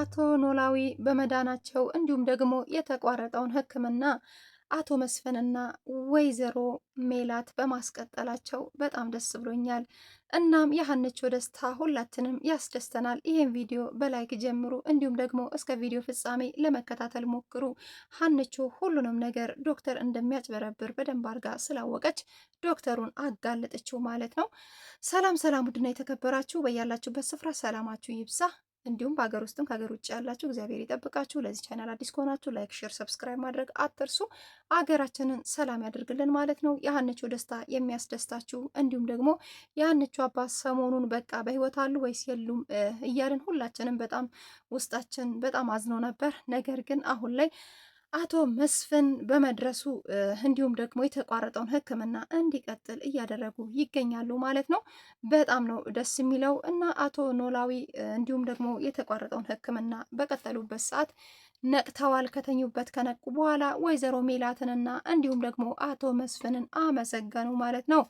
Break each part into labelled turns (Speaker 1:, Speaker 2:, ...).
Speaker 1: አቶ ኖላዊ በመዳናቸው እንዲሁም ደግሞ የተቋረጠውን ሕክምና አቶ መስፍንና ወይዘሮ ሜላት በማስቀጠላቸው በጣም ደስ ብሎኛል። እናም የሀንቾ ደስታ ሁላችንም ያስደስተናል። ይህን ቪዲዮ በላይክ ጀምሩ፣ እንዲሁም ደግሞ እስከ ቪዲዮ ፍጻሜ ለመከታተል ሞክሩ። ሀንቾ ሁሉንም ነገር ዶክተር እንደሚያጭበረብር በደንብ አርጋ ስላወቀች ዶክተሩን አጋለጠችው ማለት ነው። ሰላም ሰላም! ውድና የተከበራችሁ በያላችሁበት ስፍራ ሰላማችሁ ይብዛ። እንዲሁም በሀገር ውስጥም ከሀገር ውጭ ያላችሁ እግዚአብሔር ይጠብቃችሁ። ለዚህ ቻናል አዲስ ከሆናችሁ ላይክ፣ ሼር፣ ሰብስክራይብ ማድረግ አትርሱ። አገራችንን ሰላም ያደርግልን ማለት ነው። የሀንቾ ደስታ የሚያስደስታችሁ እንዲሁም ደግሞ የሀንቾ አባት ሰሞኑን በቃ በህይወት አሉ ወይስ የሉም እያልን ሁላችንም በጣም ውስጣችን በጣም አዝኖ ነበር። ነገር ግን አሁን ላይ አቶ መስፍን በመድረሱ እንዲሁም ደግሞ የተቋረጠውን ሕክምና እንዲቀጥል እያደረጉ ይገኛሉ ማለት ነው። በጣም ነው ደስ የሚለው እና አቶ ኖላዊ እንዲሁም ደግሞ የተቋረጠውን ሕክምና በቀጠሉበት ሰዓት ነቅተዋል። ከተኙበት ከነቁ በኋላ ወይዘሮ ሜላትንና እንዲሁም ደግሞ አቶ መስፍንን አመሰገኑ ማለት ነው።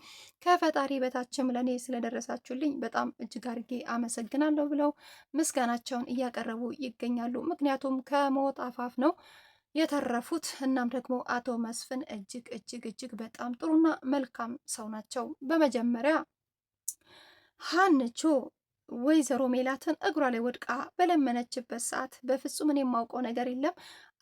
Speaker 1: ከፈጣሪ በታችም ለእኔ ስለደረሳችሁልኝ በጣም እጅግ አድርጌ አመሰግናለሁ ብለው ምስጋናቸውን እያቀረቡ ይገኛሉ። ምክንያቱም ከሞት አፋፍ ነው የተረፉት። እናም ደግሞ አቶ መስፍን እጅግ እጅግ እጅግ በጣም ጥሩና መልካም ሰው ናቸው። በመጀመሪያ ሀንቾ ወይዘሮ ሜላትን እግሯ ላይ ወድቃ በለመነችበት ሰዓት በፍጹም እኔ የማውቀው ነገር የለም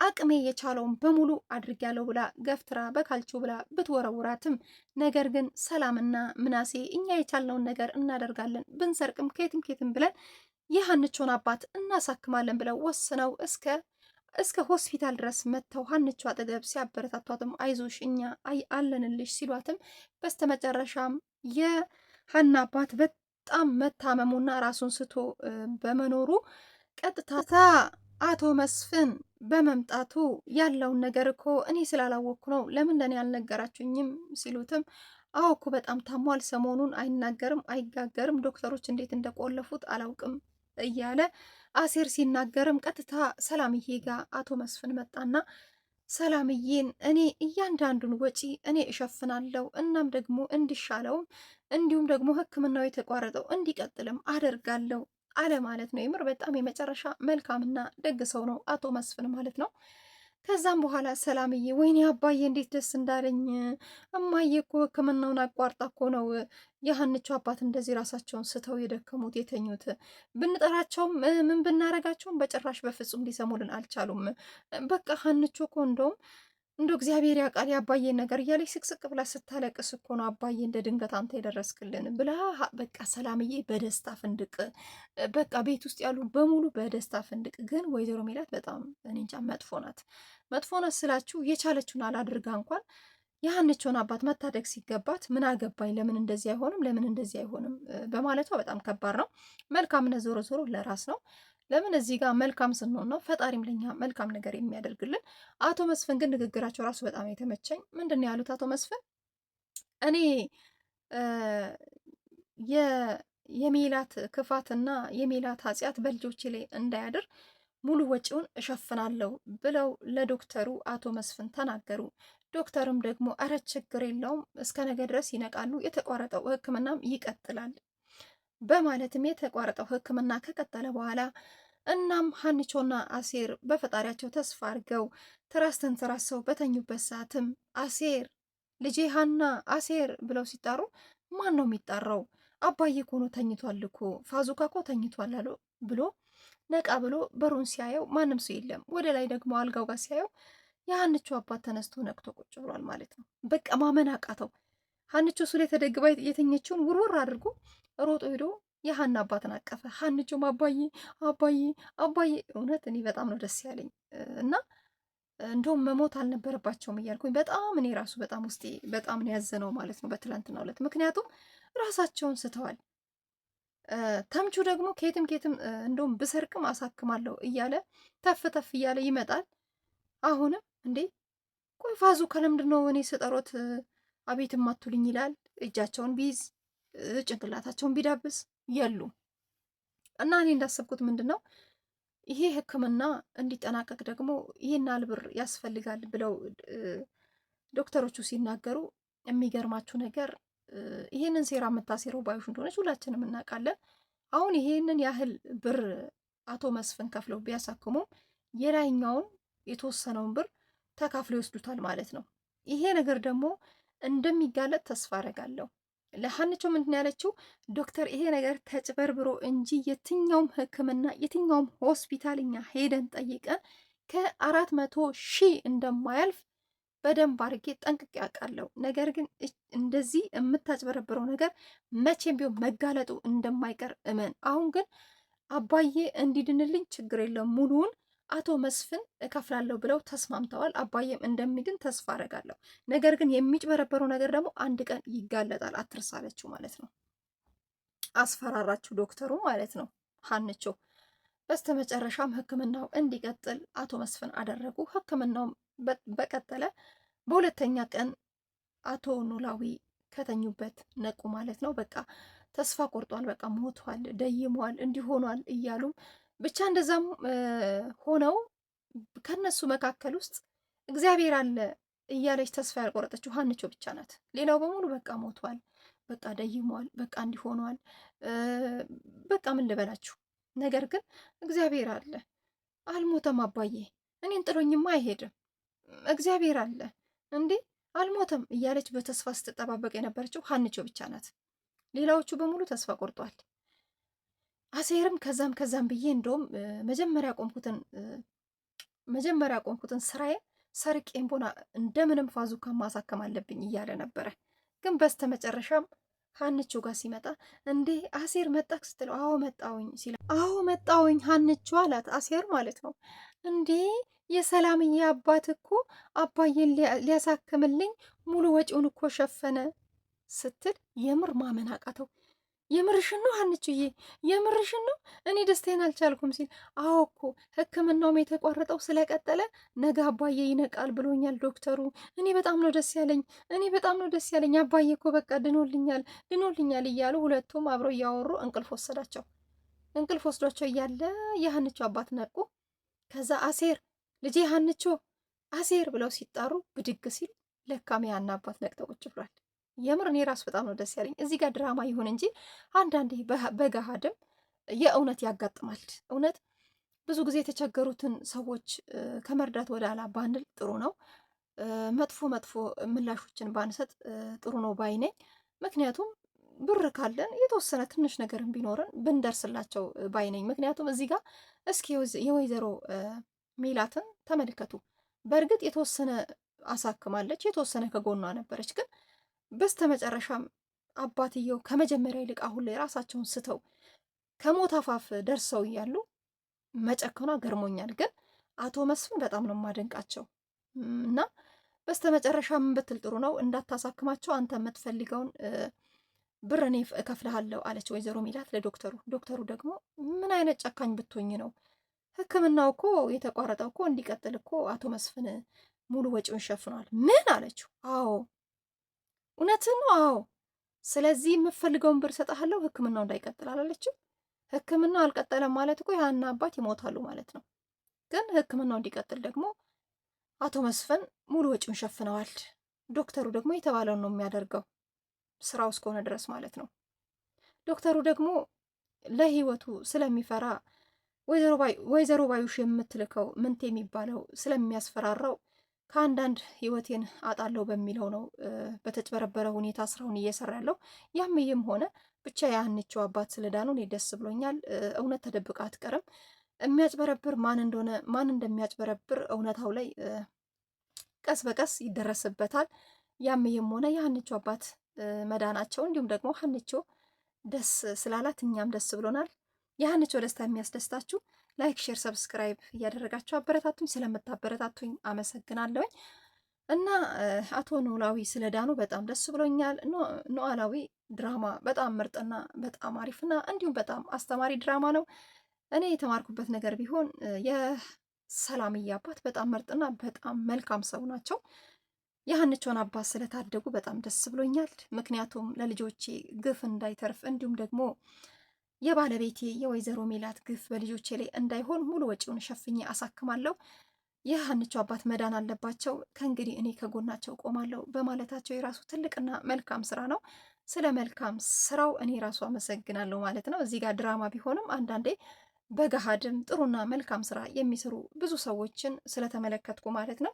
Speaker 1: አቅሜ የቻለውን በሙሉ አድርጊያለሁ ብላ ገፍትራ በካልቹ ብላ ብትወረውራትም ነገር ግን ሰላምና ምናሴ እኛ የቻልነውን ነገር እናደርጋለን ብንሰርቅም፣ ከየትም ከየትም ብለን የሀንቾን አባት እናሳክማለን ብለው ወስነው እስከ እስከ ሆስፒታል ድረስ መጥተው ሀንቹ አጠገብ ሲያበረታቷትም አይዞሽ እኛ አይ አለንልሽ ሲሏትም በስተመጨረሻም የሀና አባት በጣም መታመሙና ራሱን ስቶ በመኖሩ ቀጥታ አቶ መስፍን በመምጣቱ ያለውን ነገር እኮ እኔ ስላላወቅኩ ነው ለምን ለእኔ አልነገራችሁኝም? ሲሉትም አወኩ በጣም ታሟል፣ ሰሞኑን አይናገርም አይጋገርም፣ ዶክተሮች እንዴት እንደቆለፉት አላውቅም እያለ አሴር ሲናገርም ቀጥታ ሰላምዬ ጋር አቶ መስፍን መጣና ሰላምዬን እኔ እያንዳንዱን ወጪ እኔ እሸፍናለሁ፣ እናም ደግሞ እንዲሻለውም እንዲሁም ደግሞ ሕክምናው የተቋረጠው እንዲቀጥልም አደርጋለሁ አለ ማለት ነው። የምር በጣም የመጨረሻ መልካምና ደግ ሰው ነው አቶ መስፍን ማለት ነው። ከዛም በኋላ ሰላምዬ ወይኔ አባዬ እንዴት ደስ እንዳለኝ። እማዬ እኮ ሕክምናውን አቋርጣ እኮ ነው የሀንቹ አባት እንደዚህ ራሳቸውን ስተው የደከሙት የተኙት። ብንጠራቸውም ምን ብናረጋቸውም በጭራሽ በፍጹም ሊሰሙልን አልቻሉም። በቃ ሀንቹ እኮ እንደውም እንዶ እግዚአብሔር ያውቃል የአባዬን ነገር እያለች ስቅስቅ ብላ ስታለቅስ እኮ ነው አባዬ እንደ ድንገት አንተ የደረስክልን ብላ በቃ ሰላምዬ በደስታ ፍንድቅ በቃ ቤት ውስጥ ያሉ በሙሉ በደስታ ፍንድቅ። ግን ወይዘሮ ሜላት በጣም እኔ እንጃ መጥፎ ናት። መጥፎ ናት ስላችሁ የቻለችውን አላድርጋ እንኳን የሀንቾን አባት መታደግ ሲገባት ምን አገባኝ ለምን እንደዚህ አይሆንም ለምን እንደዚህ አይሆንም በማለቷ በጣም ከባድ ነው። መልካምነት ዞሮ ዞሮ ለራስ ነው። ለምን እዚህ ጋር መልካም ስንሆን ነው ፈጣሪም ለኛ መልካም ነገር የሚያደርግልን። አቶ መስፍን ግን ንግግራቸው ራሱ በጣም የተመቸኝ። ምንድን ነው ያሉት አቶ መስፍን? እኔ የሜላት ክፋትና የሜላት ኃጢአት በልጆቼ ላይ እንዳያድር ሙሉ ወጪውን እሸፍናለሁ ብለው ለዶክተሩ አቶ መስፍን ተናገሩ። ዶክተርም ደግሞ እረ ችግር የለውም እስከ ነገ ድረስ ይነቃሉ፣ የተቋረጠው ሕክምናም ይቀጥላል በማለትም የተቋረጠው ሕክምና ከቀጠለ በኋላ እናም ሀኒቾና አሴር በፈጣሪያቸው ተስፋ አድርገው ትራስ ተንተራሰው በተኙበት ሰዓትም አሴር ልጄ ሀና አሴር ብለው ሲጣሩ ማን ነው የሚጣራው? አባዬ ኮኖ ተኝቷል እኮ ፋዙካ ተኝቷል አሉ ብሎ ነቃ ብሎ በሩን ሲያየው ማንም ሰው የለም። ወደ ላይ ደግሞ አልጋው ጋር ሲያየው የሀኒቾ አባት ተነስቶ ነቅቶ ቁጭ ብሏል ማለት ነው። በቃ ማመን አቃተው። ሀንቾ እሱ ላይ ተደግባ የተኘችውን ውርውር አድርጎ ሮጦ ሄዶ የሀና አባትን አቀፈ። ሀንቾም አባዬ አባዬ አባዬ እውነት እኔ በጣም ነው ደስ ያለኝ እና እንደውም መሞት አልነበረባቸውም እያልኩኝ በጣም እኔ ራሱ በጣም ውስጤ በጣም ነው ያዘነው ማለት ነው በትላንትና ዕለት ምክንያቱም ራሳቸውን ስተዋል። ተምቹ ደግሞ ከየትም ከየትም እንደውም ብሰርቅም አሳክማለሁ እያለ ተፍ ተፍ እያለ ይመጣል። አሁንም እንዴ ቆይ ፋዙ ከለምድ ነው እኔ ስጠሮት አቤት ማቱልኝ ይላል። እጃቸውን ቢይዝ ጭንቅላታቸውን ቢዳብስ የሉ እና እኔ እንዳሰብኩት ምንድን ነው ይሄ ሕክምና እንዲጠናቀቅ ደግሞ ይህን አልብር ብር ያስፈልጋል ብለው ዶክተሮቹ ሲናገሩ የሚገርማችሁ ነገር ይህንን ሴራ የምታሴረው ባዩሽ እንደሆነች ሁላችንም እናውቃለን። አሁን ይሄንን ያህል ብር አቶ መስፍን ከፍለው ቢያሳክሙም የላይኛውን የተወሰነውን ብር ተካፍለው ይወስዱታል ማለት ነው። ይሄ ነገር ደግሞ እንደሚጋለጥ ተስፋ አረጋለሁ። ለሀንቾ ምንድን ያለችው ዶክተር ይሄ ነገር ተጭበርብሮ እንጂ የትኛውም ሕክምና የትኛውም ሆስፒታል እኛ ሄደን ጠይቀን ከአራት መቶ ሺህ እንደማያልፍ በደንብ አድርጌ ጠንቅቄ አውቃለሁ። ነገር ግን እንደዚህ የምታጭበረብረው ነገር መቼም ቢሆን መጋለጡ እንደማይቀር እመን። አሁን ግን አባዬ እንዲድንልኝ ችግር የለም ሙሉውን አቶ መስፍን እከፍላለሁ ብለው ተስማምተዋል። አባዬም እንደሚድን ተስፋ አረጋለሁ። ነገር ግን የሚጭበረበረው ነገር ደግሞ አንድ ቀን ይጋለጣል። አትርሳለችው ማለት ነው። አስፈራራችሁ ዶክተሩ ማለት ነው ሀንቾ። በስተመጨረሻም ህክምናው እንዲቀጥል አቶ መስፍን አደረጉ። ህክምናው በቀጠለ በሁለተኛ ቀን አቶ ኖላዊ ከተኙበት ነቁ ማለት ነው። በቃ ተስፋ ቆርጧል፣ በቃ ሞቷል፣ ደይሟል፣ እንዲሆኗል እያሉም ብቻ እንደዛም ሆነው ከነሱ መካከል ውስጥ እግዚአብሔር አለ እያለች ተስፋ ያልቆረጠችው ሀንቾ ብቻ ናት። ሌላው በሙሉ በቃ ሞቷል፣ በቃ ደይሟል፣ በቃ እንዲሆኗል፣ በቃ ምን ልበላችሁ። ነገር ግን እግዚአብሔር አለ፣ አልሞተም፣ አባዬ እኔን ጥሎኝማ አይሄድም፣ እግዚአብሔር አለ እንዴ አልሞተም እያለች በተስፋ ስትጠባበቅ የነበረችው ሀንቾ ብቻ ናት። ሌላዎቹ በሙሉ ተስፋ ቆርጧል። አሴርም ከዛም ከዛም ብዬ እንደውም መጀመሪያ ቆምኩትን መጀመሪያ ቆምኩትን ስራዬ ሰርቄን ቦና እንደምንም ፋዙካ ማሳከም አለብኝ እያለ ነበረ። ግን በስተ መጨረሻም ሀንቹ ጋር ሲመጣ እንዴ አሴር መጣክ ስትለው አዎ መጣውኝ ሲላ አዎ መጣውኝ ሀንቹ አላት። አሴር ማለት ነው እንዴ የሰላምዬ አባት እኮ አባዬን ሊያሳክምልኝ ሙሉ ወጪውን እኮ ሸፈነ ስትል የምር ማመን አቃተው። የምርሽን ነው ሀንችዬ? የምርሽን ነው? እኔ ደስታዬን አልቻልኩም ሲል አዎ እኮ ህክምናውም የተቋረጠው ስለቀጠለ ነገ አባዬ ይነቃል ብሎኛል ዶክተሩ። እኔ በጣም ነው ደስ ያለኝ፣ እኔ በጣም ነው ደስ ያለኝ። አባዬ እኮ በቃ ድኖልኛል፣ ድኖልኛል እያሉ ሁለቱም አብረው እያወሩ እንቅልፍ ወሰዳቸው። እንቅልፍ ወስዷቸው እያለ የሀንቹ አባት ነቁ። ከዛ አሴር ልጄ ሀንቾ፣ አሴር ብለው ሲጣሩ ብድግ ሲል ለካም ያና አባት ነቅተው ቁጭ ብሏል። የምር እኔ ራሱ በጣም ነው ደስ ያለኝ። እዚህ ጋር ድራማ ይሁን እንጂ አንዳንዴ በገሃድም የእውነት ያጋጥማል። እውነት ብዙ ጊዜ የተቸገሩትን ሰዎች ከመርዳት ወደ ኋላ ባንል ጥሩ ነው። መጥፎ መጥፎ ምላሾችን ባንሰጥ ጥሩ ነው ባይ ነኝ። ምክንያቱም ብር ካለን የተወሰነ ትንሽ ነገርን ቢኖርን ብንደርስላቸው ባይ ነኝ። ምክንያቱም እዚህ ጋር እስኪ የወይዘሮ ሚላትን ተመልከቱ። በእርግጥ የተወሰነ አሳክማለች፣ የተወሰነ ከጎኗ ነበረች ግን በስተመጨረሻም አባትየው ከመጀመሪያ ይልቅ አሁን ላይ ራሳቸውን ስተው ከሞት አፋፍ ደርሰው እያሉ መጨከኗ ገርሞኛል። ግን አቶ መስፍን በጣም ነው የማደንቃቸው እና በስተመጨረሻ ምን ብትል ጥሩ ነው እንዳታሳክማቸው አንተ የምትፈልገውን ብር እኔ እከፍልሃለሁ አለች ወይዘሮ ሚላት ለዶክተሩ። ዶክተሩ ደግሞ ምን አይነት ጨካኝ ብትሆኝ ነው? ሕክምናው እኮ የተቋረጠው እኮ እንዲቀጥል እኮ አቶ መስፍን ሙሉ ወጪውን ሸፍኗል። ምን አለችው? አዎ እውነትም አዎ። ስለዚህ የምፈልገውን ብር ሰጠሃለሁ፣ ህክምናው እንዳይቀጥል አላለችም። ህክምናው አልቀጠለም ማለት እኮ ያና አባት ይሞታሉ ማለት ነው። ግን ህክምናው እንዲቀጥል ደግሞ አቶ መስፍን ሙሉ ወጪውን ሸፍነዋል። ዶክተሩ ደግሞ የተባለውን ነው የሚያደርገው፣ ስራው እስከሆነ ድረስ ማለት ነው። ዶክተሩ ደግሞ ለህይወቱ ስለሚፈራ ወይዘሮ ባዩሽ የምትልከው ምንት የሚባለው ስለሚያስፈራራው ከአንዳንድ ህይወቴን አጣለው በሚለው ነው በተጭበረበረ ሁኔታ ስራውን እየሰራ ያለው። ያም ይህም ሆነ ብቻ ያህንቸው አባት ስለዳኑ እኔ ደስ ብሎኛል። እውነት ተደብቃ አትቀርም። የሚያጭበረብር ማን እንደሆነ ማን እንደሚያጭበረብር እውነታው ላይ ቀስ በቀስ ይደረስበታል። ያም ይህም ሆነ የሀንቸው አባት መዳናቸው እንዲሁም ደግሞ ሀንቾ ደስ ስላላት እኛም ደስ ብሎናል። የሀንቾ ደስታ የሚያስደስታችሁ ላይክ፣ ሼር፣ ሰብስክራይብ እያደረጋችሁ አበረታቱኝ። ስለምታበረታቱኝ አመሰግናለሁኝ። እና አቶ ኖላዊ ስለዳኑ በጣም ደስ ብሎኛል። ኖላዊ ድራማ በጣም ምርጥና በጣም አሪፍና እንዲሁም በጣም አስተማሪ ድራማ ነው። እኔ የተማርኩበት ነገር ቢሆን የሰላምዬ አባት በጣም ምርጥና በጣም መልካም ሰው ናቸው። የሀንቾን አባት ስለታደጉ በጣም ደስ ብሎኛል። ምክንያቱም ለልጆቼ ግፍ እንዳይተርፍ እንዲሁም ደግሞ የባለቤቴ የወይዘሮ ሜላት ግፍ በልጆቼ ላይ እንዳይሆን ሙሉ ወጪውን ሸፍኜ አሳክማለሁ። የሀንቹ አባት መዳን አለባቸው። ከእንግዲህ እኔ ከጎናቸው ቆማለሁ በማለታቸው የራሱ ትልቅና መልካም ስራ ነው። ስለ መልካም ስራው እኔ ራሱ አመሰግናለሁ ማለት ነው። እዚህ ጋር ድራማ ቢሆንም አንዳንዴ በገሃድም ጥሩና መልካም ስራ የሚሰሩ ብዙ ሰዎችን ስለተመለከትኩ ማለት ነው።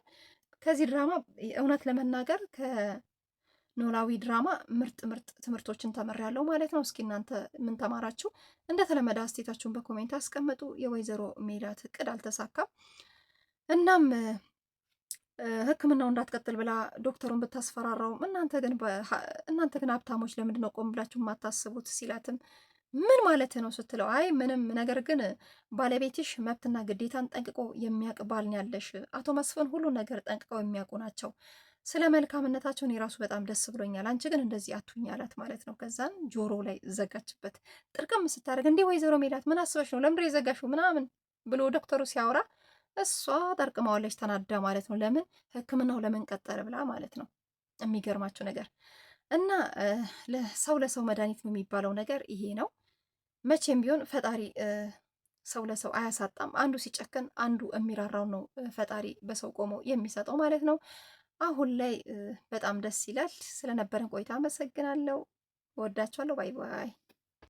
Speaker 1: ከዚህ ድራማ እውነት ለመናገር ኖላዊ ድራማ ምርጥ ምርጥ ትምህርቶችን ተምሬያለሁ ማለት ነው። እስኪ እናንተ ምን ተማራችሁ? እንደተለመደ አስቴታችሁን በኮሜንት አስቀምጡ። የወይዘሮ ሜላት እቅድ አልተሳካም። እናም ሕክምናው እንዳትቀጥል ብላ ዶክተሩን ብታስፈራራውም እናንተ ግን እናንተ ግን ሀብታሞች ለምንድን ነው ቆም ብላችሁ የማታስቡት ሲላትም ምን ማለት ነው ስትለው፣ አይ ምንም ነገር ግን ባለቤትሽ መብትና ግዴታን ጠንቅቆ የሚያውቅ ባል ነው ያለሽ። አቶ መስፍን ሁሉ ነገር ጠንቅቀው የሚያውቁ ናቸው። ስለ መልካምነታቸው እኔ ራሱ በጣም ደስ ብሎኛል፣ አንቺ ግን እንደዚህ አትሁኝ አላት ማለት ነው። ከዛም ጆሮ ላይ ዘጋችበት። ጥርቅም ስታደርግ እንዲህ ወይዘሮ ሜላት ምን አስበሽ ነው ለምድር የዘጋሽው ምናምን ብሎ ዶክተሩ ሲያወራ እሷ ጠርቅማዋለች ተናዳ ማለት ነው። ለምን ህክምናው ለምን ቀጠረ ብላ ማለት ነው። የሚገርማችሁ ነገር እና ሰው ለሰው መድኃኒት የሚባለው ነገር ይሄ ነው። መቼም ቢሆን ፈጣሪ ሰው ለሰው አያሳጣም። አንዱ ሲጨከን አንዱ የሚራራው ነው ፈጣሪ በሰው ቆሞ የሚሰጠው ማለት ነው። አሁን ላይ በጣም ደስ ይላል። ስለነበረን ቆይታ አመሰግናለሁ። ወዳችኋለሁ። ባይ ባይ